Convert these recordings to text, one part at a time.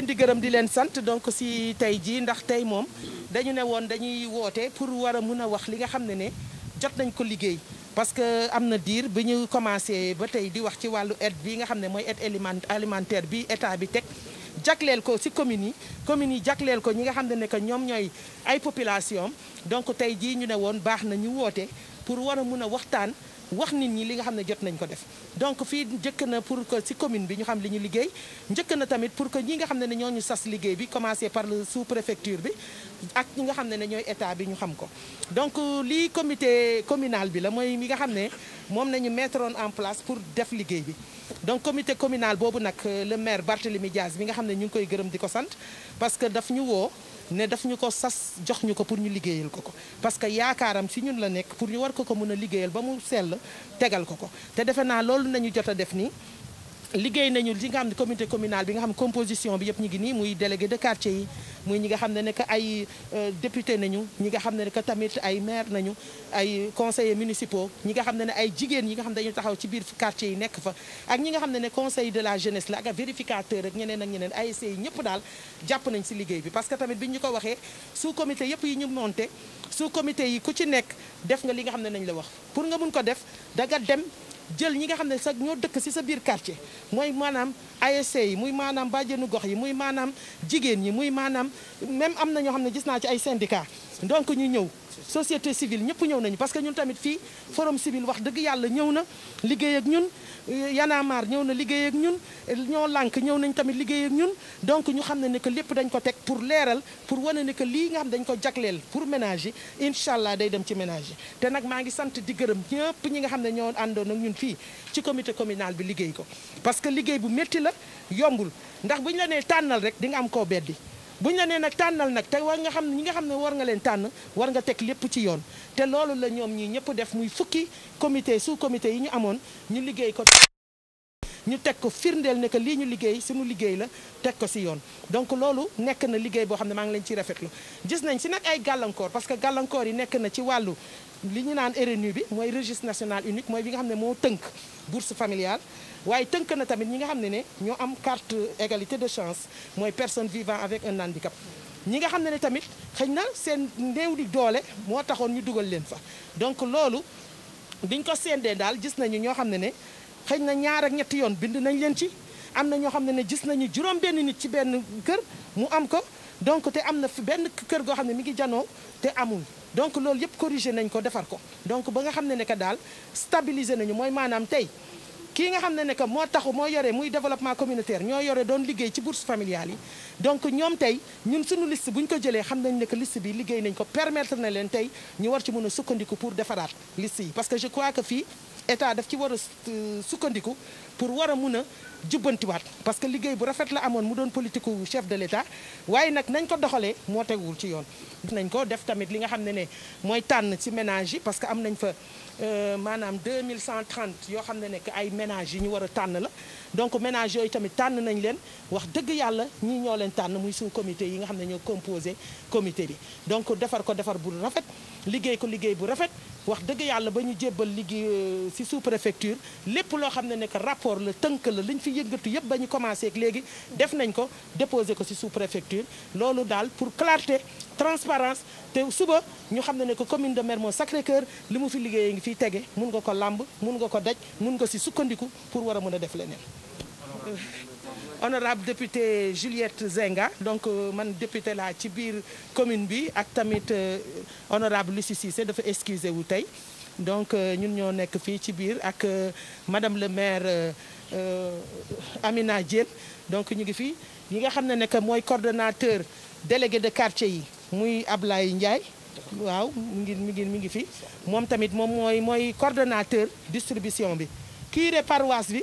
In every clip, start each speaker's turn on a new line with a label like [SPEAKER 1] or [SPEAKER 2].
[SPEAKER 1] leen di gërëm di leen sant donc si tey jii ndax tay moom dañu ne woon dañuy woote pour war a mun a wax li nga xam ne ne jot nañ ko liggéey parce que am na diir bi ñu commencé ba tey di wax ci wàllu aide bi nga xam ne mooy aide alimentaire bi état bi teg jagleel ko si communes yi communes yi jagleel ko ñi nga xam ne que ñoom ñooy ay population donc tey jii ñu ne woon baax na ñu woote pour war a mun a waxtaan wax nit ñi li nga xam ne jot nañ ko def donc fii njëkk na pour que si commune bi ñu xam li ñu liggéey njëkk na tamit pour que ñi nga xam ne ne ñoo ñu sas liggéey bi commencé par le sous préfecture bi ak ñi nga xam ne ne ñooy état bi ñu xam ko donc lii comité communal bi la mooy mi nga xam ne moom nañu mettre en place pour def liggéey bi donc comité communal boobu nag euh, le maire Barthélémy Diaz bi nga xam ne ñu ngi koy gërëm di ko sant parce que daf ñu woo ne daf ñu ko sas jox ñu ko pour ñu liggéeyal ko ko parce que yaakaaram ci ñun la nekk pour ñu war ko ko mën a liggéeyal ba mu sell tegal ko ko te defe naa loolu nañu jot a def nii liguey nañu li nga xam ne communauté bi nga xam composition bi yépp ñi ngi ni muy délégué de quartier yi muy ñi nga xam ne nekk ay euh, député nañu ñi nga xam ne nekk tamit ay maire nañu ay conseillers municipaux ñi nga xam ne ay jigen ñi nga xam dañu taxaw ci biir quartier yi nek fa ak ñi nga xam ne conseil de la jeunesse la ak vérificateur ak ñeneen ak ñeneen ASC yi ñepp dal japp nañ ci liguey bi parce que tamit biñ ñu ko waxee sous comité yépp yi ñu monté sous comité yi ku ci nek def nga li nga xam ne nañ la wax pour nga mun ko def danga dem jël ñi nga xam ne sax ñoo dëkk si sa biir quartier mooy maanaam ASC yi muy maanaam bàjjenu gox yi muy maanaam jigéen ñi muy maanaam même am na ñoo xam ne gis naa ci ay syndicat donc ñu société civile nous sommes parce que ñun tamit forum civil nous sommes ñëw na na ak donc ñu que lépp dañ ko pour léral pour wone ne que li nga nous dañ ko pour ménager, Inshallah day dem ci ménager té nous ma ngi sant di nous ñëpp ñi nga xamné ñoo ak ñun ci comité communal bi parce que liggéey bu sommes la yombul ndax buñ la am bu ñu la nee nag tànnal nag te war nga xam ñi nga xam ne war nga leen tànn war nga teg lépp ci yoon te loolu la ñoom ñi ñëpp def muy fukki comité suu comité yi ñu amoon ñu liggéey ko ñu teg ko firndeel ne que lii ñu liggéey suñu liggéey la teg ko si yoon donc loolu nekk na liggéey boo xam ne maa ngi leen ciy rafetlu gis nañ si nag ay gàllankoor parce que gàllankoor yi nekk na ci wàllu li ñu naan RNU bi mooy registre national unique mooy bi nga xam ne moo tënk bourse familiale waaye tënk na tamit ñi nga xam ne ne ñoo am carte égalité de chance mooy personne vivant avec un handicap ñi nga xam ne ne tamit xëy na seen néew di doole moo taxoon ñu dugal leen fa donc loolu biñ ko seendee daal gis nañu ñoo xam ne ne xëy na ñaar ak ñetti yoon bind nañ leen ci am na ñoo xam ne ne gis nañu juróom benn nit ci benn kër mu am ko donc te am na fi benn kër goo xam ne mi ngi janoo te amul donc loolu yëpp corrigé nañ ko defar ko donc ba nga xam ne ne daal stabiliser nañu mooy maanaam tey kii nga xam ne ne que moo taxu moo yore muy développement communautaire ñoo yore doon liggéey ci bourse familiale yi donc ñoom tey ñun suñu liste bu ñu ko jëlee xam nañ ne que liste bi liggéey nañ ko permetre na leen tey ñu war ci mën a sukkandiku pour defaraat liste parce que je crois que fii état daf ci war a euh, sukkandiku pour wara a djubanti wat parce que liguey bu rafet la amone mu don politique chef de l'État waye nak nagn ko doxale mo teguwul ci yoon. nagn ko def tamit li nga xamné né moy mooy ci ménage parce que am nañ fa euh manam 2130 yo xamné ne que ay ménage yi ñu wara a la donc ménage yooyu tamit tànn nañ len wax deug yalla ñi ñoo leen tànn muy sun comité yi nga xamné ñoo composé comité bi donc defar ko defar bu rafet liguey ko liguey bu rafet wax deug yalla bañu djébal jébbal euh, ci sous-préfecture les lo xamné nek rapport le teunk la liñ fi yëngatu yëpp bañu commencé ak légui def nañ ko déposer ko ci sous-préfecture lolu dal pour clarté transparence té suba ñu xamné ne commune de mermon Sacré-Cœur limu fi liggéey ngi fi téggé mën nga ko lamb mën nga ko daj mën nga ci sukkandiku pour wara mëna def lénen honorable député Juliette Zenga donc euh, mon député là Tibir commune bi ak tamit euh, honorable Lucie Cissé de faire vous donc nous sommes ici, fi ci euh, madame le maire Amina Diène donc nous sommes ici. Nous nga ici avec le coordonnateur délégué de quartier yi Ablaye Ndiaye Nous mi ngi ngi tamit coordonnateur distribution bi est paroisse bi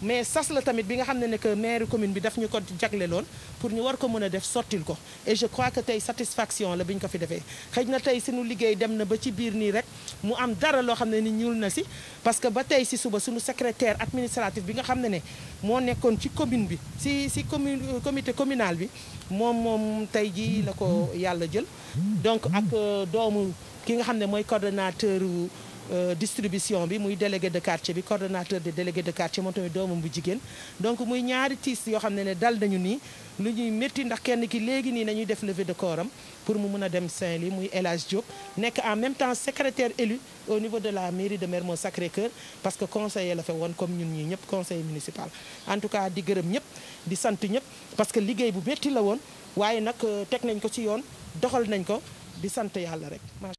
[SPEAKER 1] mais sas la tamit bi nga xamné ne que maire commune bi daf ñu ko lon pour ñu war ko mëna a def sortil ko et je crois que tay satisfaction la biñ ko fi défé xejna tay tey suñu liggéey dem na ba ci biir ni rek mu am dara lo xamné ni ñul na ci parce que ba tay ci suba suñu secrétaire administratif bi nga xamné ne ne moo ci commune bi si si commune euh, comité communal bi mom mom tay ji la ko yàlla jël donc ak euh, doomu ki nga xamné moy coordinateur euh, distribution bi muy délégué de quartier bi coordinateur de délégué de quartier moom tamit donc muy ñaari tiis yo xamné ne dal dañu ni lu ñuy métti ndax kenn ki légui ni nañuy def de corps pour mu mëna dem Saint-Louis muy El Diop nek en même temps secrétaire élu au niveau de la mairie de Mermoz Sacré-Cœur parce que conseiller la fa won comme ñun ñi ñep conseil municipal en tout cas di gërëm ñep di sant ñep parce que liggéey bu métti la won waaye nak euh, teg nañ ko ci yoon doxal nañ ko di sant yalla rek